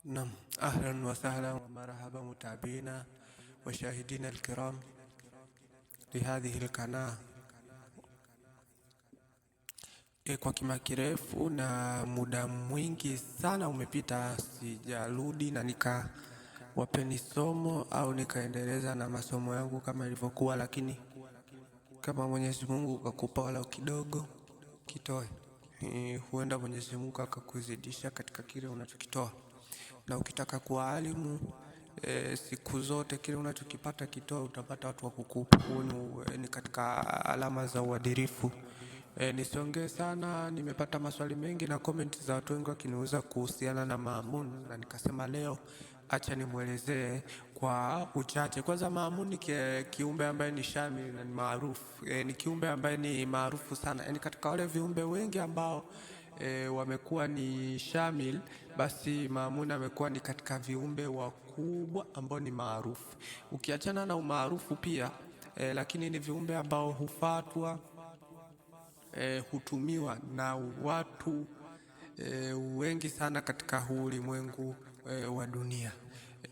Naam, ahlan wa sahlan wa marhaban mutabiina wa shahidina alkiram E, kwa kima kirefu na muda mwingi sana umepita sijarudi na nikawapeni somo au nikaendeleza na masomo yangu kama ilivyokuwa, lakini kama Mwenyezi Mungu kakupa walau kidogo kitoe, e, huenda Mwenyezi Mungu akakuzidisha katika kile unachokitoa na ukitaka kuwa alimu e, siku zote kile unachokipata kitoa, utapata watu wa kukupa. Huyu eh, ni katika alama za uadirifu E, eh, nisiongee sana, nimepata maswali mengi na comment za watu wengi wakiniuza kuhusiana na Maamun, na nikasema leo acha nimwelezee kwa uchache. Kwanza, Maamun ni kiumbe ambaye ni shami na ni maarufu e, ni kiumbe ambaye ni maarufu sana, yani e, katika wale viumbe wengi ambao e, wamekuwa ni shamil, basi Maamuna amekuwa ni katika viumbe wakubwa ambao ni maarufu, ukiachana na umaarufu pia e, lakini ni viumbe ambao hufatwa e, hutumiwa na watu e, wengi sana katika huu ulimwengu e, wa dunia.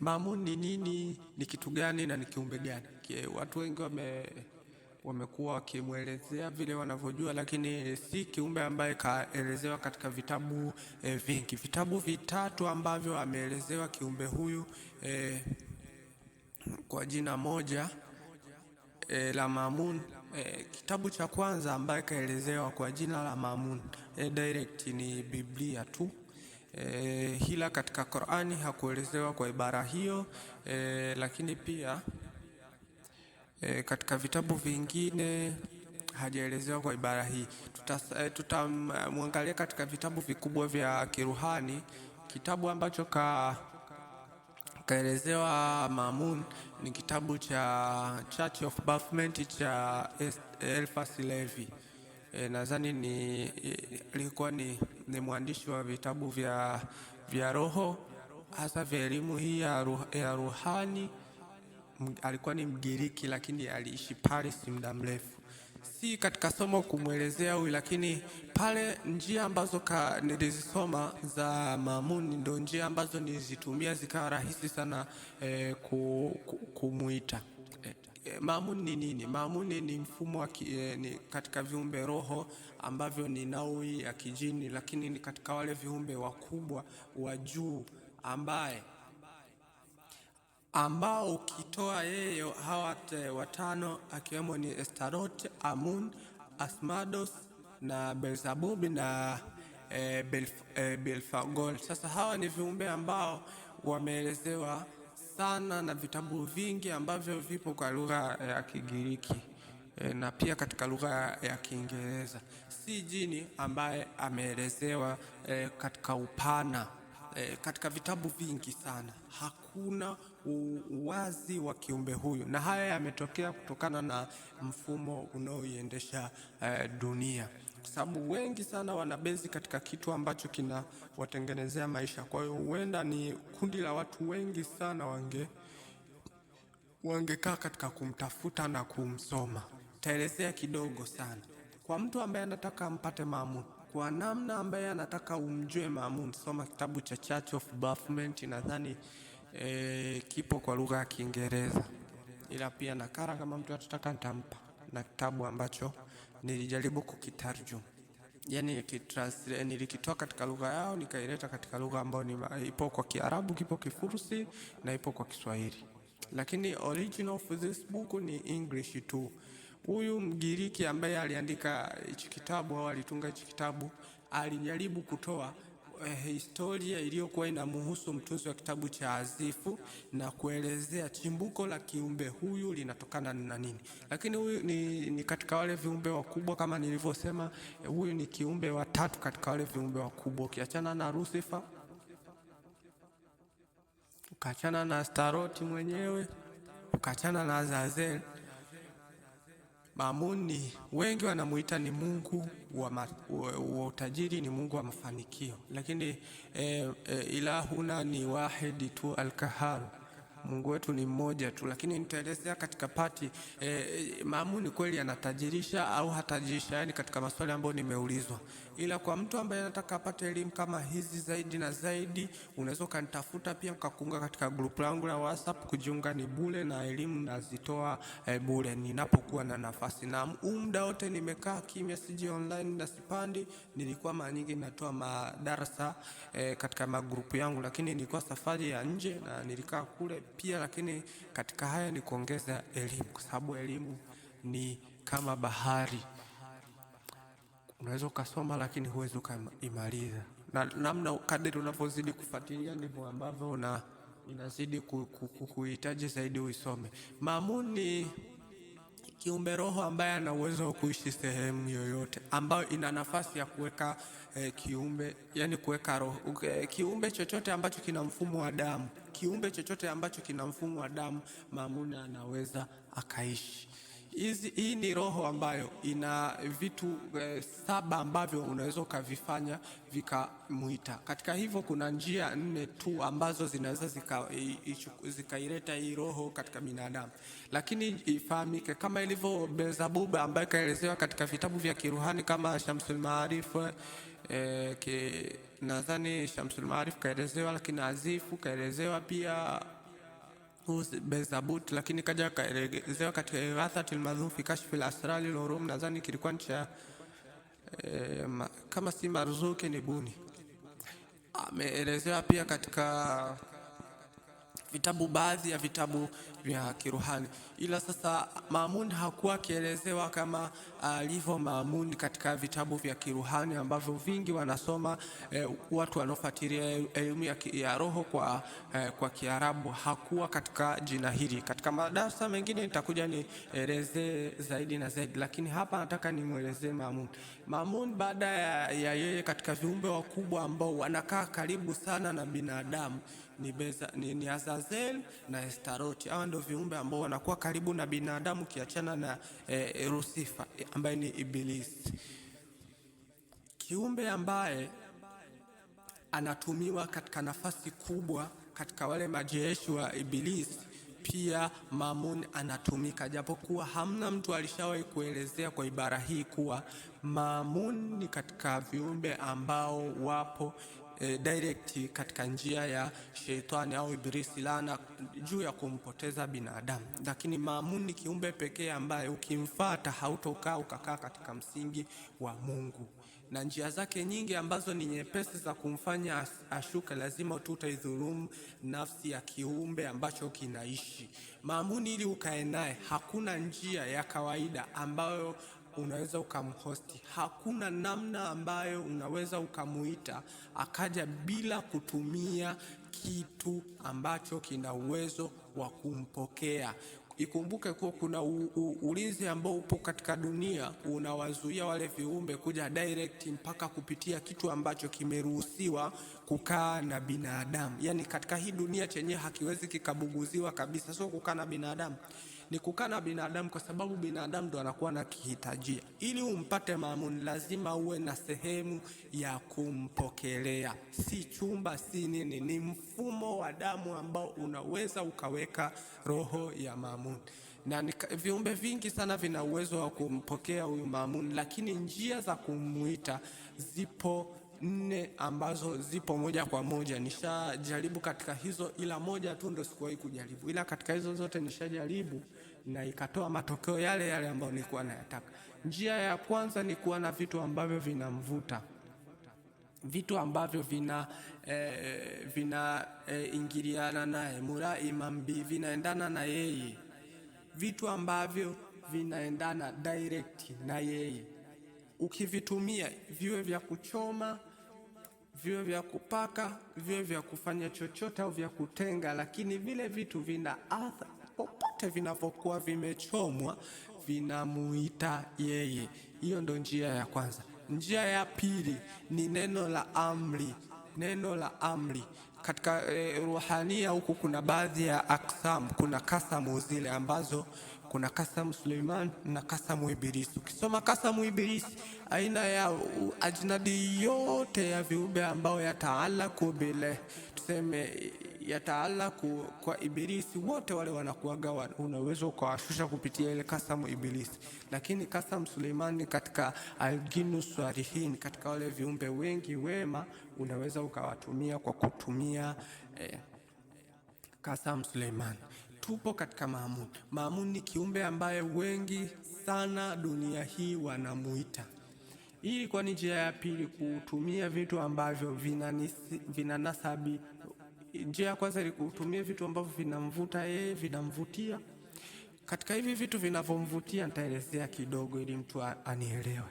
Maamun ni nini? Ni kitu gani na ni kiumbe gani? Watu wengi wame wamekuwa wakimwelezea vile wanavyojua, lakini si kiumbe ambaye kaelezewa katika vitabu e, vingi. Vitabu vitatu ambavyo ameelezewa kiumbe huyu e, kwa jina moja e, la Mamun e, kitabu cha kwanza ambaye kaelezewa kwa jina la Mamun e, direct ni Biblia tu. E, hila katika Qur'ani hakuelezewa kwa ibara hiyo e, lakini pia E, katika vitabu vingine hajaelezewa kwa ibara hii. Eh, tutamwangalia tuta, katika vitabu vikubwa vya kiruhani kitabu ambacho ka kaelezewa Mamun ni kitabu cha Church of Bafflement cha Eliphas Levi. E, nadhani ni ilikuwa ni, ni mwandishi wa vitabu vya, vya roho hasa vya elimu hii ya, ruh, ya ruhani alikuwa ni Mgiriki lakini aliishi Paris muda mrefu. Si katika somo kumwelezea huyu, lakini pale njia ambazo nilizisoma za Mamuni ndo njia ambazo nilizitumia zikawa rahisi sana eh, ku, kumuita e, Maamuni ni nini? Maamuni ni mfumo wa e, ni katika viumbe roho ambavyo ni naui ya kijini, lakini ni katika wale viumbe wakubwa wa juu ambaye ambao ukitoa yeye hawa watano akiwemo ni estarot Amun, Asmados na Belzabubi na e, Belf, e, Belfagol. Sasa hawa ni viumbe ambao wameelezewa sana na vitabu vingi ambavyo vipo kwa lugha ya Kigiriki e, na pia katika lugha ya Kiingereza. Si jini ambaye ameelezewa e, katika upana eh, katika vitabu vingi sana hakuna uwazi wa kiumbe huyu, na haya yametokea kutokana na mfumo unaoiendesha eh, dunia, kwa sababu wengi sana wanabezi katika kitu ambacho kinawatengenezea maisha. Kwa hiyo huenda ni kundi la watu wengi sana wange wangekaa katika kumtafuta na kumsoma. Taelezea kidogo sana kwa mtu ambaye anataka ampate maamuzi kwa namna ambaye anataka umjue Mamun, soma kitabu cha Church of Bafflement, nadhani e, kipo kwa lugha ya Kiingereza, ila pia nakara kama mtu atataka nitampa, na kitabu ambacho nilijaribu kukitarjuma yani eh, nilikitoa katika lugha yao nikaileta katika lugha ambayo ipo kwa Kiarabu, kipo Kifurusi na ipo kwa Kiswahili, lakini original of this book ni English tu. Huyu Mgiriki ambaye aliandika hichi kitabu au alitunga hichi kitabu alijaribu kutoa eh, historia iliyokuwa inamhusu mtunzi wa kitabu cha Azifu na kuelezea chimbuko la kiumbe huyu linatokana na nini. Lakini huyu ni, ni katika wale viumbe wakubwa kama nilivyosema, eh, huyu ni kiumbe wa tatu katika wale viumbe wakubwa ukiachana na Lucifer, ukaachana na Staroti mwenyewe, ukaachana na Azazel Maamuni wengi wanamuita ni Mungu wa, ma, wa utajiri, ni Mungu wa mafanikio, lakini eh, eh, ilahuna ni wahidi tu alkaharu Mungu wetu ni mmoja tu, lakini nitaelezea katika pati e, maamu kweli anatajirisha au hatajirisha, yani katika maswali ambayo nimeulizwa. Ila kwa mtu ambaye anataka apate elimu kama hizi zaidi na zaidi, unaweza ukanitafuta pia ukakuunga katika grupu langu la WhatsApp. Kujiunga ni bure na elimu nazitoa e, bure ninapokuwa na nafasi, na muda wote nimekaa kimya, siji online na sipandi. Nilikuwa mara nyingi natoa madarasa e, katika magrupu yangu, lakini nilikuwa safari ya nje na nilikaa kule pia, lakini katika haya ni kuongeza elimu, kwa sababu elimu ni kama bahari, unaweza ukasoma lakini huwezi ukaimaliza. Na namna kadiri unavyozidi kufuatilia ndivyo ambavyo una inazidi kuhitaji zaidi uisome. Maamuni kiumbe roho ambaye ana uwezo wa kuishi sehemu yoyote ambayo ina nafasi ya kuweka eh, kiumbe yani kuweka roho okay. Kiumbe chochote ambacho kina mfumo wa damu, kiumbe chochote ambacho kina mfumo wa damu, maamuna anaweza akaishi hizi, hii ni roho ambayo ina vitu e, saba ambavyo unaweza ukavifanya vikamuita. Katika hivyo kuna njia nne tu ambazo zinaweza eh, zikaileta hii roho katika binadamu, lakini ifahamike kama ilivyo Beelzebub ambayo ikaelezewa katika vitabu vya kiruhani kama Shamsul Maarif eh, nadhani Shamsul Maarif kaelezewa, lakini Azifu kaelezewa pia Bezabut, lakini kaja kaelezewa katika Ighathatil Madhufi Kashfil Asrari Lurum, nadhani kilikuwa cha e, kama si Marzuki ni Buni. Ameelezewa pia katika vitabu, baadhi ya vitabu vya kiruhani. Ila sasa Mamun hakuwa akielezewa kama alivyo Mamun katika vitabu vya kiruhani ambavyo vingi wanasoma e, watu wanaofuatilia elimu ya, ya roho kwa, e, kwa Kiarabu hakuwa katika jina hili. Katika madarasa mengine nitakuja nielezee zaidi na zaidi, lakini hapa nataka nimwelezee Mamun. Mamun baada ya, ya yeye katika viumbe wakubwa ambao wanakaa karibu sana na binadamu ni, ni, ni Azazel na Estaroti ndio viumbe ambao wanakuwa karibu na binadamu, kiachana na e, Lucifer eh, ambaye ni Ibilisi, kiumbe ambaye anatumiwa katika nafasi kubwa katika wale majeshi wa Ibilisi. Pia Mamun anatumika, japokuwa hamna mtu alishawahi kuelezea kwa ibara hii kuwa Mamun ni katika viumbe ambao wapo Eh, direct katika njia ya sheitani au ibrisi lana juu ya kumpoteza binadamu. Lakini Maamuni ni kiumbe pekee ambaye ukimfata hautokaa ukakaa katika msingi wa Mungu, na njia zake nyingi ambazo ni nyepesi za kumfanya ashuke, lazima tu utaidhulumu nafsi ya kiumbe ambacho kinaishi. Maamuni ili ukae naye, hakuna njia ya kawaida ambayo unaweza ukamhosti. Hakuna namna ambayo unaweza ukamuita akaja bila kutumia kitu ambacho kina uwezo wa kumpokea. Ikumbuke kuwa kuna u, u, ulinzi ambao upo katika dunia unawazuia wale viumbe kuja direct mpaka kupitia kitu ambacho kimeruhusiwa kukaa na binadamu. Yaani katika hii dunia chenyewe hakiwezi kikabuguziwa kabisa, sio kukaa na binadamu ni kukaa na binadamu, kwa sababu binadamu ndo anakuwa na kihitajia. Ili umpate Maamuni lazima uwe na sehemu ya kumpokelea, si chumba, si nini, ni mfumo wa damu ambao unaweza ukaweka roho ya Maamuni na viumbe vingi sana vina uwezo wa kumpokea huyu Maamuni, lakini njia za kumwita zipo nne ambazo zipo moja kwa moja. Nishajaribu katika hizo, ila moja tu ndo sikuwahi kujaribu, ila katika hizo zote nishajaribu na ikatoa matokeo yale yale ambayo nilikuwa nayataka. Njia ya kwanza ni kuwa na vitu ambavyo vinamvuta vitu ambavyo vina eh, vina eh, ingiliana naye muraima mbi vinaendana na yeye, vitu ambavyo vinaendana direct na yeye, ukivitumia viwe vya kuchoma viwe vya kupaka, viwe vya kufanya chochote au vya kutenga, lakini vile vitu vina adha popote vinavyokuwa vimechomwa, vinamuita yeye. Hiyo ndo njia ya kwanza. Njia ya pili ni neno la amri. Neno la amri katika e, ruhania huku kuna baadhi ya aksam, kuna kasamu zile ambazo kuna kasamu Suleiman na kasamu Ibilisi. Ukisoma kasamu Ibilisi, aina ya ajnadi yote ya viumbe ambao yataalaku bile, tuseme yataalaku kwa Ibilisi, wote wale wanakuaga, unaweza ukawashusha kupitia ile kasamu Ibilisi. Lakini kasamu Suleimani katika alginu swarihin, katika wale viumbe wengi wema, unaweza ukawatumia kwa kutumia eh, kasamu Suleimani tupo katika Maamuni. Maamuni ni kiumbe ambaye wengi sana dunia hii wanamuita. Hii ilikuwa ni njia ya pili kutumia vitu ambavyo vina nasabi. Njia ya kwanza ni kutumia vitu ambavyo vinamvuta yeye, vinamvutia. Katika hivi vitu vinavyomvutia nitaelezea kidogo, ili mtu anielewe.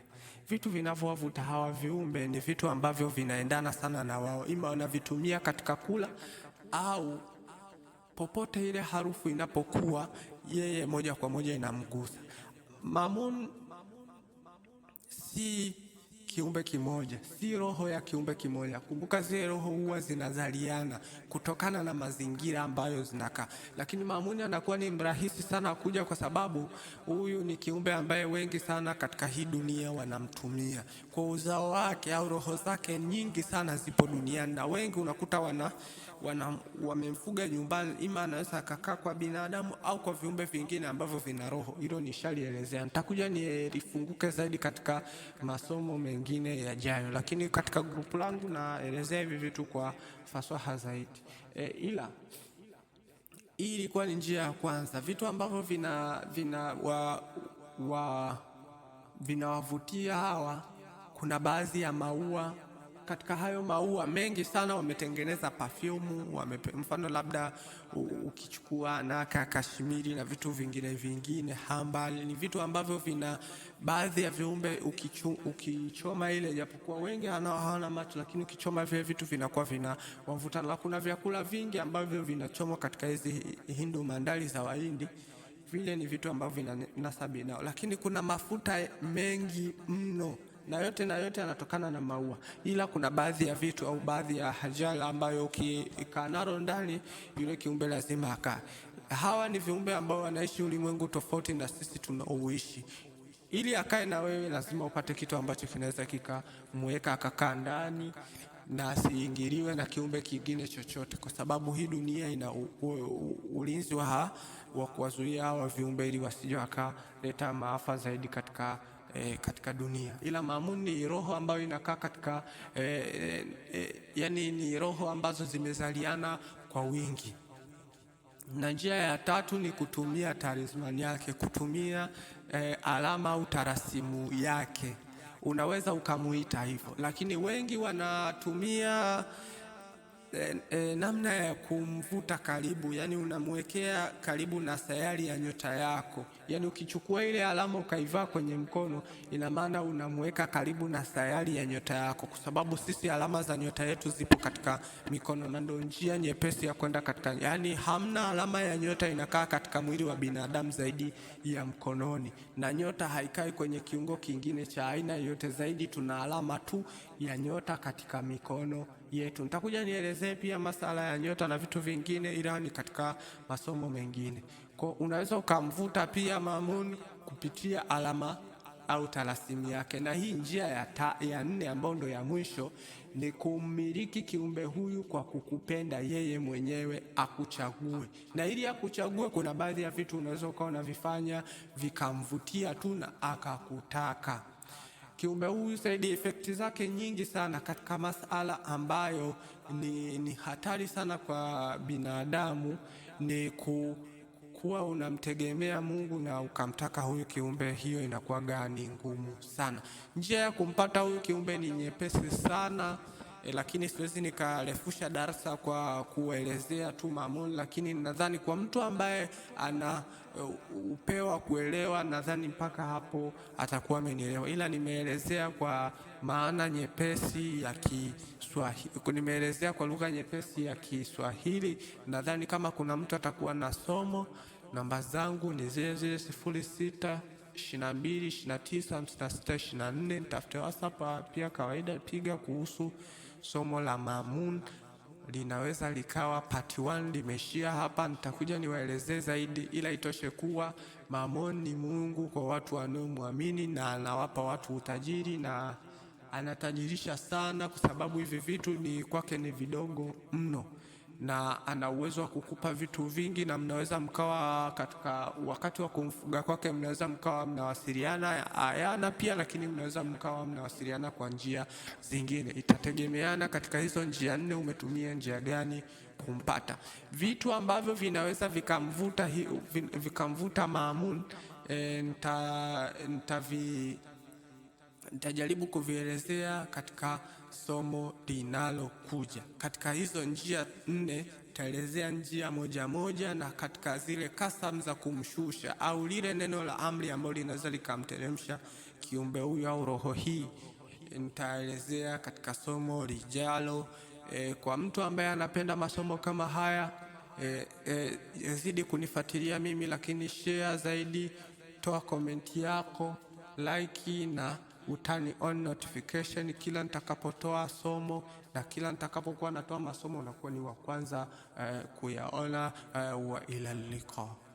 Vitu vinavyowavuta hawa viumbe ni vitu ambavyo vinaendana sana na wao, ima wanavitumia katika kula au popote ile harufu inapokuwa, yeye moja kwa moja inamgusa. Mamun si kiumbe kimoja, si roho ya kiumbe kimoja. Kumbuka zile roho huwa zinazaliana kutokana na mazingira ambayo zinakaa, lakini mamuni anakuwa ni mrahisi sana kuja, kwa sababu huyu ni kiumbe ambaye wengi sana katika hii dunia wanamtumia kwa uzao wake, au roho zake nyingi sana zipo duniani, na wengi unakuta wana wamemfuga nyumbani, ima anaweza akakaa kwa binadamu au kwa viumbe vingine ambavyo vina roho. Hilo nishalielezea, nitakuja nilifunguke zaidi katika masomo mengine yajayo, lakini katika grupu langu naelezea hivi vitu kwa fasaha zaidi e, ila hii ilikuwa ni njia ya kwanza, vitu ambavyo vina vina wa, wa, vinawavutia hawa. Kuna baadhi ya maua katika hayo maua mengi sana wametengeneza perfume wame, mfano labda ukichukua naka kashmiri na vitu vingine vingine hambali, ni vitu ambavyo vina baadhi ya viumbe ukichu, ukichoma ile, japokuwa wengi hawana macho, lakini ukichoma vile vitu vinakuwa vina wavuta, na kuna vyakula vingi ambavyo vinachomwa katika hizi Hindu mandali za Wahindi vile ni vitu ambavyo vina nao, lakini kuna mafuta mengi mno na yote na yote yanatokana na maua, ila kuna baadhi ya vitu au baadhi ya hajal ambayo ukikaa nalo ndani yule kiumbe lazima akaa. Hawa ni viumbe ambao wanaishi ulimwengu tofauti na sisi tunaoishi. Ili akae na wewe, lazima upate kitu ambacho kinaweza kikamweka akakaa ndani na asiingiliwe na kiumbe kingine chochote, kwa sababu hii dunia ina ulinzi wa kuwazuia hawa viumbe ili wasije wakaleta maafa zaidi katika e, katika dunia, ila maamun ni roho ambayo inakaa katika e, e, yani ni roho ambazo zimezaliana kwa wingi. Na njia ya tatu ni kutumia talisman yake, kutumia e, alama au tarasimu yake, unaweza ukamuita hivyo, lakini wengi wanatumia e, e, namna ya kumvuta karibu, yani unamwekea karibu na sayari ya nyota yako. Yani ukichukua ile alama ukaivaa kwenye mkono, ina maana unamweka karibu na sayari ya nyota yako, kwa sababu sisi alama za nyota yetu zipo katika mikono, na ndio njia nyepesi ya kwenda katika, yani hamna alama ya nyota inakaa katika mwili wa binadamu zaidi ya mkononi, na nyota haikai kwenye kiungo kingine cha aina yoyote zaidi. Tuna alama tu ya nyota katika mikono yetu. Nitakuja nielezee pia masala ya nyota na vitu vingine, ila ni katika masomo mengine. Kwa unaweza ukamvuta pia Maamuni kupitia alama au talasimu yake. Na hii njia ya, ta, ya nne ambayo ndo ya mwisho ni kumiliki kiumbe huyu kwa kukupenda yeye mwenyewe akuchague, na ili akuchague, kuna baadhi ya vitu unaweza ukawa unavifanya vikamvutia tu na akakutaka Kiumbe huyu saidi effect zake nyingi sana katika masala ambayo ni, ni hatari sana kwa binadamu ni ku, kuwa unamtegemea Mungu na ukamtaka huyu kiumbe, hiyo inakuwa gani ngumu sana. Njia ya kumpata huyu kiumbe ni nyepesi sana e, lakini siwezi nikarefusha darasa kwa kuelezea tu mamoni, lakini nadhani kwa mtu ambaye ana eh, upewa kuelewa, nadhani mpaka hapo atakuwa amenielewa, ila nimeelezea kwa maana nyepesi ya Kiswahili, nimeelezea kwa lugha nyepesi ya Kiswahili. Nadhani kama kuna mtu atakuwa na somo, namba zangu ni zile zile sifuri sita 22 29 56 24. Nitafute WhatsApp pia kawaida, piga kuhusu somo la Mamun linaweza likawa part 1 limeshia hapa. Nitakuja niwaelezee zaidi, ila itoshe kuwa Mamon ni Mungu kwa watu wanaomwamini na anawapa watu utajiri na anatajirisha sana, kwa sababu hivi vitu ni kwake ni vidogo mno na ana uwezo wa kukupa vitu vingi, na mnaweza mkawa katika wakati wa kumfuga kwake, mnaweza mkawa mnawasiliana ayana pia, lakini mnaweza mkawa mnawasiliana kwa njia zingine. Itategemeana katika hizo njia nne, umetumia njia gani kumpata. Vitu ambavyo vinaweza vikamvuta vikamvuta Mamun e, eh, nitajaribu nita ntajaribu kuvielezea katika somo linalokuja. Katika hizo njia nne taelezea njia moja moja, na katika zile kasam za kumshusha au lile neno la amri ambalo linaweza likamteremsha kiumbe huyo au roho hii nitaelezea katika somo lijalo. E, kwa mtu ambaye anapenda masomo kama haya e, e, zidi kunifuatilia mimi, lakini share zaidi, toa komenti yako, like na utani on notification kila nitakapotoa somo na kila nitakapokuwa natoa masomo unakuwa ni wa kwanza uh, kuyaona uh, wa ila liqa